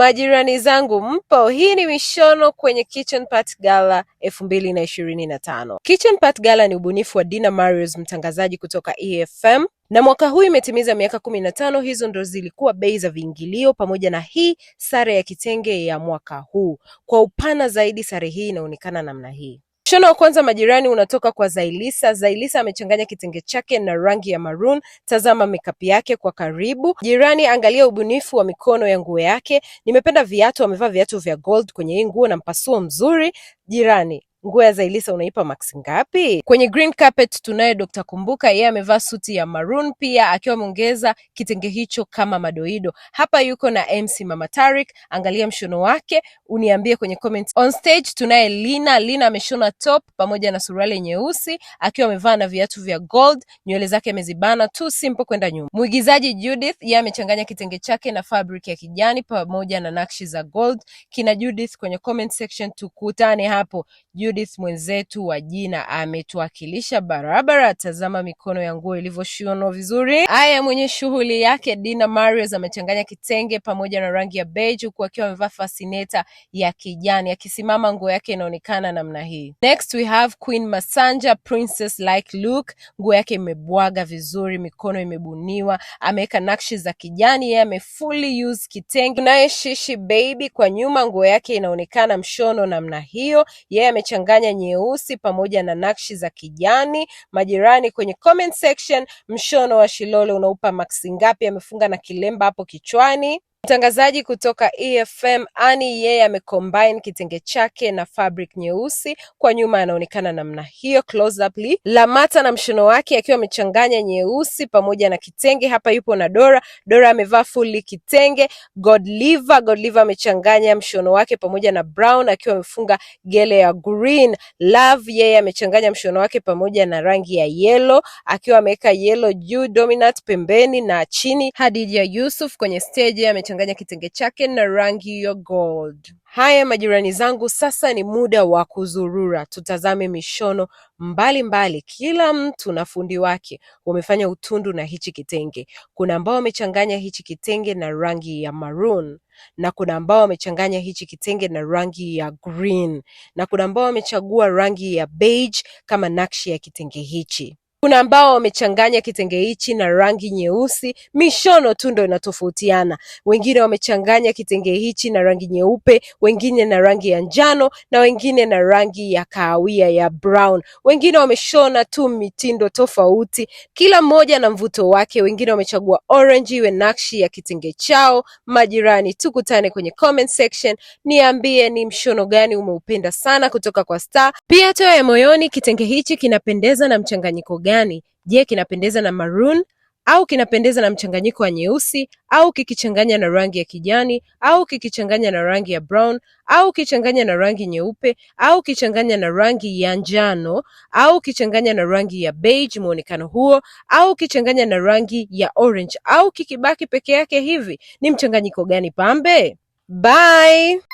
Majirani zangu mpo? Hii ni mishono kwenye Kitchen Party Gala elfu mbili na ishirini na tano. Kitchen Party Gala ni ubunifu wa Dina Marios, mtangazaji kutoka EFM na mwaka huu imetimiza miaka kumi na tano. Hizo ndo zilikuwa bei za viingilio pamoja na hii sare ya kitenge ya mwaka huu. Kwa upana zaidi, sare hii inaonekana namna hii. Mchano wa kwanza Majirani unatoka kwa Zailisa. Zailisa amechanganya kitenge chake na rangi ya maroon. Tazama makeup yake kwa karibu. Jirani, angalia ubunifu wa mikono ya nguo yake. Nimependa viatu, amevaa viatu vya gold kwenye hii nguo na mpasuo mzuri. Jirani, nguo ya Zailisa unaipa max ngapi? Kwenye green carpet tunaye Dr. Kumbuka, yeye amevaa suti ya maroon pia akiwa ameongeza kitenge hicho kama madoido. Hapa yuko na MC Mama Tarik, angalia mshono wake uniambie kwenye comment. On stage tunaye Lina, Lina ameshona top pamoja na suruali nyeusi akiwa amevaa na viatu vya gold, nywele zake amezibana tu simple kwenda nyuma. Mwigizaji Judith, yeye amechanganya kitenge chake na fabric ya kijani pamoja na nakshi za gold. Kina Judith kwenye comment section, tukutane hapo Judith. Judith mwenzetu wa jina ametuwakilisha barabara. Tazama mikono ya nguo ilivyoshonwa vizuri. Haya, mwenye shughuli yake Dina Marius amechanganya kitenge pamoja na rangi ya beige, huku akiwa amevaa fascinator ya kijani. Akisimama nguo yake inaonekana namna hii. Next we have Queen Masanja princess like look. Nguo yake imebwaga vizuri, mikono imebuniwa, ameweka nakshi za kijani, yeye fully use kitenge. Naye Shishi Baby kwa nyuma, nguo yake inaonekana mshono namna hiyo, yeye amechanganya kuchanganya nyeusi pamoja na nakshi za kijani. Majirani kwenye comment section, mshono wa Shilole unaupa maksi ngapi? Amefunga na kilemba hapo kichwani. Mtangazaji kutoka EFM ani yeye amecombine kitenge chake na fabric nyeusi, kwa nyuma anaonekana namna hiyo close up li. Lamata na mshono wake akiwa amechanganya nyeusi pamoja na kitenge. Hapa yupo na Dora. Dora amevaa fully kitenge. Godliver, Godliver amechanganya mshono wake pamoja na brown akiwa amefunga gele ya green. Love yeye amechanganya mshono wake pamoja na rangi ya yellow akiwa ameweka yellow juu dominant pembeni na chini. Hadija Yusuf kwenye stage kuchanganya kitenge chake na rangi ya gold. Haya majirani zangu, sasa ni muda wa kuzurura, tutazame mishono mbalimbali mbali. Kila mtu na fundi wake wamefanya utundu na hichi kitenge. Kuna ambao wamechanganya hichi kitenge na rangi ya maroon na kuna ambao wamechanganya hichi kitenge na rangi ya green na kuna ambao wamechagua rangi ya beige kama nakshi ya kitenge hichi. Kuna ambao wamechanganya kitenge hichi na rangi nyeusi, mishono tu ndo inatofautiana. Wengine wamechanganya kitenge hichi na rangi nyeupe, wengine na rangi ya njano, na wengine na rangi ya kahawia ya brown. Wengine wameshona tu mitindo tofauti, kila mmoja na mvuto wake. Wengine wamechagua orange iwe nakshi ya kitenge chao. Majirani, tukutane kwenye comment section, niambie ni mshono gani umeupenda sana kutoka kwa Star. Pia toa ya moyoni, kitenge hichi kinapendeza na mchanganyiko gani gani? Je, kinapendeza na maroon au kinapendeza na mchanganyiko wa nyeusi au kikichanganya na rangi ya kijani au kikichanganya na rangi ya brown au kichanganya na rangi nyeupe au kichanganya na rangi ya njano au kichanganya na rangi ya beige, muonekano huo au kichanganya na rangi ya orange au kikibaki peke yake hivi, ni mchanganyiko gani pambe? Bye.